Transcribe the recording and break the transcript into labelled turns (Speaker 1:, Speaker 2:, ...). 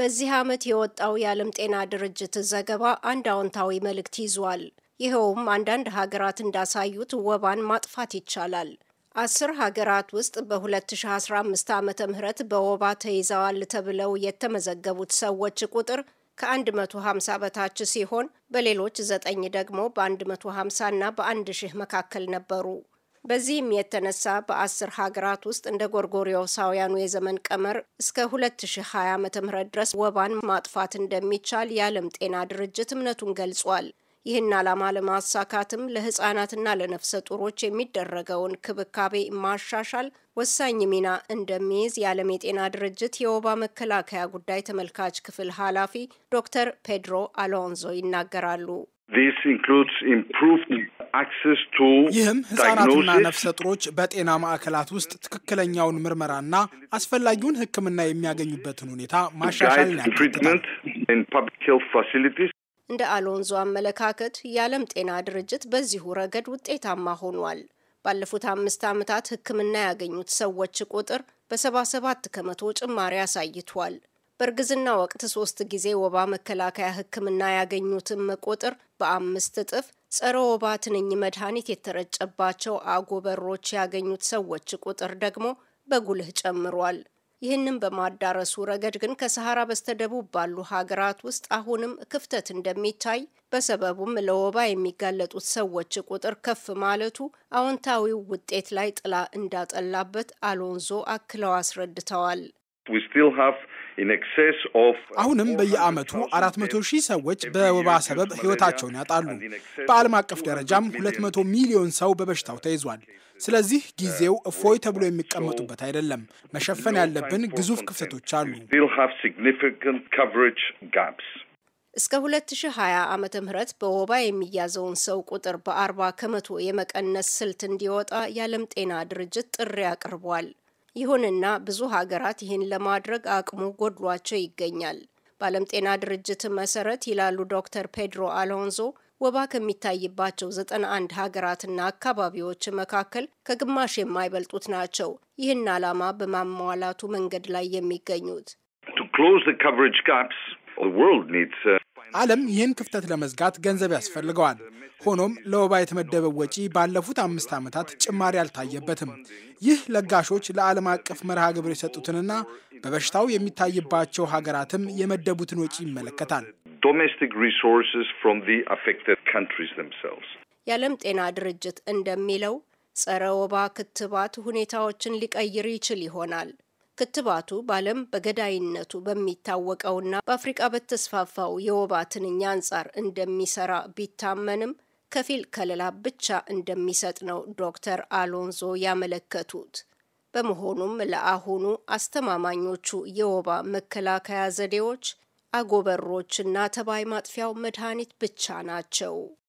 Speaker 1: በዚህ ዓመት የወጣው የዓለም ጤና ድርጅት ዘገባ አንድ አዎንታዊ መልእክት ይዟል። ይኸውም አንዳንድ ሀገራት እንዳሳዩት ወባን ማጥፋት ይቻላል። አስር ሀገራት ውስጥ በ2015 ዓ ም በወባ ተይዘዋል ተብለው የተመዘገቡት ሰዎች ቁጥር ከ150 በታች ሲሆን በሌሎች ዘጠኝ ደግሞ በ150 እና በ1 ሺህ መካከል ነበሩ። በዚህም የተነሳ በአስር ሀገራት ውስጥ እንደ ጎርጎሪዮሳውያኑ የዘመን ቀመር እስከ 2020 ዓ ም ድረስ ወባን ማጥፋት እንደሚቻል የዓለም ጤና ድርጅት እምነቱን ገልጿል። ይህን ዓላማ ለማሳካትም ለህጻናትና ለነፍሰ ጡሮች የሚደረገውን ክብካቤ ማሻሻል ወሳኝ ሚና እንደሚይዝ የዓለም የጤና ድርጅት የወባ መከላከያ ጉዳይ ተመልካች ክፍል ኃላፊ ዶክተር ፔድሮ አሎንዞ ይናገራሉ።
Speaker 2: This includes improved access to ይህም ህጻናትና ነፍሰ ጡሮች በጤና ማዕከላት ውስጥ ትክክለኛውን ምርመራና አስፈላጊውን ሕክምና የሚያገኙበትን ሁኔታ ማሻሻል
Speaker 1: እንደ አሎንዞ አመለካከት የዓለም ጤና ድርጅት በዚሁ ረገድ ውጤታማ ሆኗል። ባለፉት አምስት ዓመታት ሕክምና ያገኙት ሰዎች ቁጥር በሰባ ሰባት ከመቶ ጭማሪ አሳይቷል። በእርግዝና ወቅት ሶስት ጊዜ ወባ መከላከያ ሕክምና ያገኙትም ቁጥር በአምስት እጥፍ ጸረ ወባ ትንኝ መድኃኒት የተረጨባቸው አጎበሮች ያገኙት ሰዎች ቁጥር ደግሞ በጉልህ ጨምሯል። ይህንም በማዳረሱ ረገድ ግን ከሰሐራ በስተደቡብ ባሉ ሀገራት ውስጥ አሁንም ክፍተት እንደሚታይ በሰበቡም ለወባ የሚጋለጡት ሰዎች ቁጥር ከፍ ማለቱ አዎንታዊው ውጤት ላይ ጥላ እንዳጠላበት አሎንዞ አክለው አስረድተዋል።
Speaker 2: Uh, አሁንም በየዓመቱ አራት መቶ ሺህ ሰዎች በወባ ሰበብ ሕይወታቸውን ያጣሉ። በዓለም አቀፍ ደረጃም ሁለት መቶ ሚሊዮን ሰው በበሽታው ተይዟል። ስለዚህ uh, ጊዜው እፎይ
Speaker 1: ተብሎ የሚቀመጡበት አይደለም። መሸፈን
Speaker 2: ያለብን ግዙፍ ክፍተቶች አሉ።
Speaker 1: እስከ 2020 ዓመተ ምህረት በወባ የሚያዘውን ሰው ቁጥር በ40 ከመቶ የመቀነስ ስልት እንዲወጣ የዓለም ጤና ድርጅት ጥሪ አቅርቧል። ይሁንና ብዙ ሀገራት ይህን ለማድረግ አቅሙ ጎድሏቸው ይገኛል። በዓለም ጤና ድርጅት መሰረት ይላሉ ዶክተር ፔድሮ አሎንዞ ወባ ከሚታይባቸው 91 ሀገራትና አካባቢዎች መካከል ከግማሽ የማይበልጡት ናቸው ይህን ዓላማ በማሟላቱ መንገድ ላይ የሚገኙት።
Speaker 2: ዓለም ይህን ክፍተት ለመዝጋት ገንዘብ ያስፈልገዋል። ሆኖም ለወባ የተመደበው ወጪ ባለፉት አምስት ዓመታት ጭማሪ አልታየበትም። ይህ ለጋሾች ለዓለም አቀፍ መርሃ ግብር የሰጡትንና በበሽታው የሚታይባቸው ሀገራትም የመደቡትን ወጪ ይመለከታል።
Speaker 1: የዓለም ጤና ድርጅት እንደሚለው ጸረ ወባ ክትባት ሁኔታዎችን ሊቀይር ይችል ይሆናል። ክትባቱ በዓለም በገዳይነቱ በሚታወቀውና በአፍሪቃ በተስፋፋው የወባ ትንኝ አንጻር እንደሚሰራ ቢታመንም ከፊል ከለላ ብቻ እንደሚሰጥ ነው ዶክተር አሎንዞ ያመለከቱት። በመሆኑም ለአሁኑ አስተማማኞቹ የወባ መከላከያ ዘዴዎች አጎበሮችና ተባይ ማጥፊያው መድኃኒት ብቻ ናቸው።